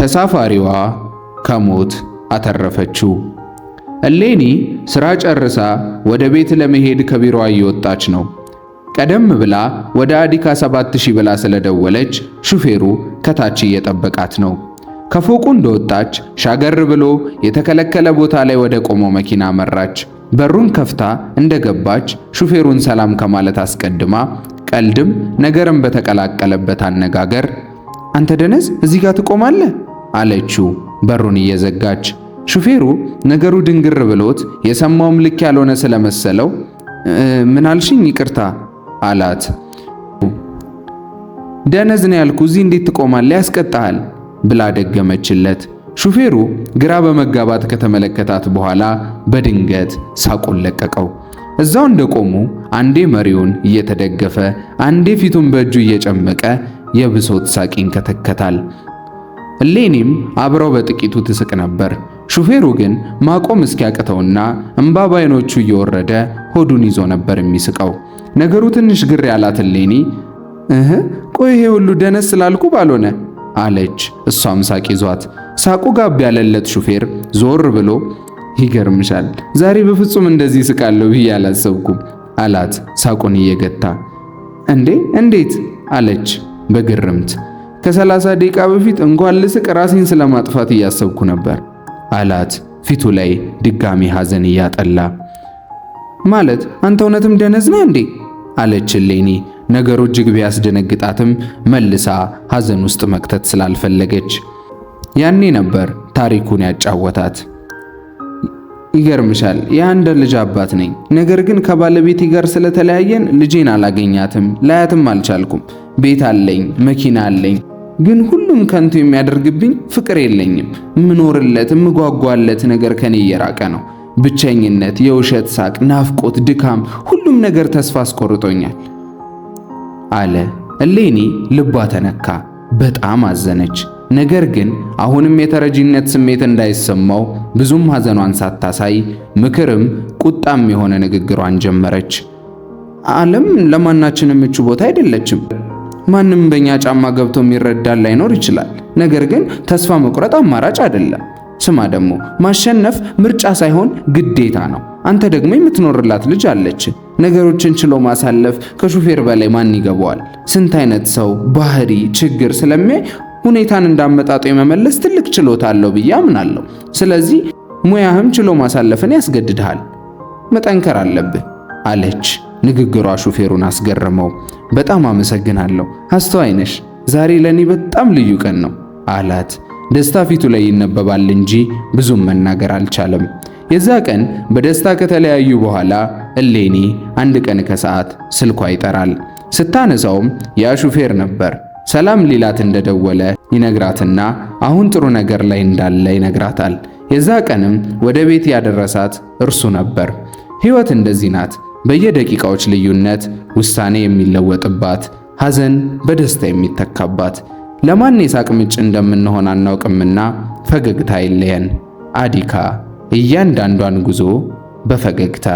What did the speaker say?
ተሳፋሪዋ ከሞት አተረፈችው። እሌኒ ሥራ ጨርሳ ወደ ቤት ለመሄድ ከቢሮዋ እየወጣች ነው። ቀደም ብላ ወደ አዲካ 7000 ብላ ስለደወለች ሹፌሩ ከታች እየጠበቃት ነው። ከፎቁ እንደወጣች ሻገር ብሎ የተከለከለ ቦታ ላይ ወደ ቆሞ መኪና መራች። በሩን ከፍታ እንደገባች ሹፌሩን ሰላም ከማለት አስቀድማ ቀልድም ነገርም በተቀላቀለበት አነጋገር አንተ ደነዝ እዚህ ጋር ትቆማለህ አለችው በሩን እየዘጋች። ሹፌሩ ነገሩ ድንግር ብሎት የሰማውም ልክ ያልሆነ ስለመሰለው ምን አልሽኝ? ይቅርታ አላት። ደነዝን ያልኩ እዚህ እንዴት ትቆማለህ? ያስቀጣሃል ብላ ደገመችለት። ሹፌሩ ግራ በመጋባት ከተመለከታት በኋላ በድንገት ሳቁን ለቀቀው። እዛው እንደቆሙ አንዴ መሪውን እየተደገፈ አንዴ ፊቱን በእጁ እየጨመቀ የብሶት ሳቂን ከተከታል። እሌኒም አብረው በጥቂቱ ትስቅ ነበር። ሹፌሩ ግን ማቆም እስኪያቅተውና እምባ ባይኖቹ እየወረደ ሆዱን ይዞ ነበር የሚስቀው። ነገሩ ትንሽ ግር ያላት እሌኒ እህ ቆይ ይሄ ሁሉ ደነስ ስላልኩ ባልሆነ አለች። እሷም ሳቅ ይዟት ሳቁ ጋብ ያለለት ሹፌር ዞር ብሎ ይገርምሻል፣ ዛሬ በፍጹም እንደዚህ ስቃለሁ ብዬ አላሰብኩም አላት ሳቁን እየገታ። እንዴ እንዴት አለች በግርምት ከሰላሳ ደቂቃ በፊት እንኳን ልስቅ ራሴን ስለማጥፋት እያሰብኩ ነበር አላት ፊቱ ላይ ድጋሚ ሐዘን እያጠላ። ማለት አንተ እውነትም ደነዝ ነህ እንዴ? አለች ሌኒ። ነገሩ እጅግ ቢያስደነግጣትም መልሳ ሐዘን ውስጥ መክተት ስላልፈለገች። ያኔ ነበር ታሪኩን ያጫወታት። ይገርምሻል የአንድ ልጅ አባት ነኝ። ነገር ግን ከባለቤቴ ጋር ስለተለያየን ልጄን አላገኛትም፣ ላያትም አልቻልኩም። ቤት አለኝ፣ መኪና አለኝ፣ ግን ሁሉም ከንቱ የሚያደርግብኝ ፍቅር የለኝም። ምኖርለት ምጓጓለት ነገር ከኔ እየራቀ ነው። ብቸኝነት፣ የውሸት ሳቅ፣ ናፍቆት፣ ድካም፣ ሁሉም ነገር ተስፋ አስቆርጦኛል አለ። እሌኒ ልቧ ተነካ፣ በጣም አዘነች። ነገር ግን አሁንም የተረጂነት ስሜት እንዳይሰማው ብዙም ሐዘኗን ሳታሳይ ምክርም ቁጣም የሆነ ንግግሯን ጀመረች። ዓለም ለማናችንም ምቹ ቦታ አይደለችም። ማንም በእኛ ጫማ ገብቶ የሚረዳን ላይኖር ይችላል። ነገር ግን ተስፋ መቁረጥ አማራጭ አይደለም። ስማ ደግሞ ማሸነፍ ምርጫ ሳይሆን ግዴታ ነው። አንተ ደግሞ የምትኖርላት ልጅ አለች። ነገሮችን ችሎ ማሳለፍ ከሹፌር በላይ ማን ይገባዋል? ስንት አይነት ሰው ባህሪ፣ ችግር ስለሚያይ ሁኔታን እንዳመጣጡ የመመለስ ትልቅ ችሎታ አለው ብዬ አምናለሁ። ስለዚህ ሙያህም ችሎ ማሳለፍን ያስገድድሃል። መጠንከር አለብህ አለች። ንግግሯ ሹፌሩን አስገረመው። በጣም አመሰግናለሁ፣ አስተዋይ ነሽ። ዛሬ ለእኔ በጣም ልዩ ቀን ነው አላት። ደስታ ፊቱ ላይ ይነበባል እንጂ ብዙም መናገር አልቻለም። የዛ ቀን በደስታ ከተለያዩ በኋላ እሌኒ አንድ ቀን ከሰዓት ስልኳ ይጠራል። ስታነሳውም ያ ሹፌር ነበር። ሰላም ሊላት እንደደወለ ይነግራትና አሁን ጥሩ ነገር ላይ እንዳለ ይነግራታል። የዛ ቀንም ወደ ቤት ያደረሳት እርሱ ነበር። ሕይወት እንደዚህ ናት። በየደቂቃዎች ልዩነት ውሳኔ የሚለወጥባት፣ ሐዘን በደስታ የሚተካባት፣ ለማን የሳቅ ምንጭ እንደምንሆን አናውቅምና ፈገግታ ይለየን። አዲካ እያንዳንዷን ጉዞ በፈገግታ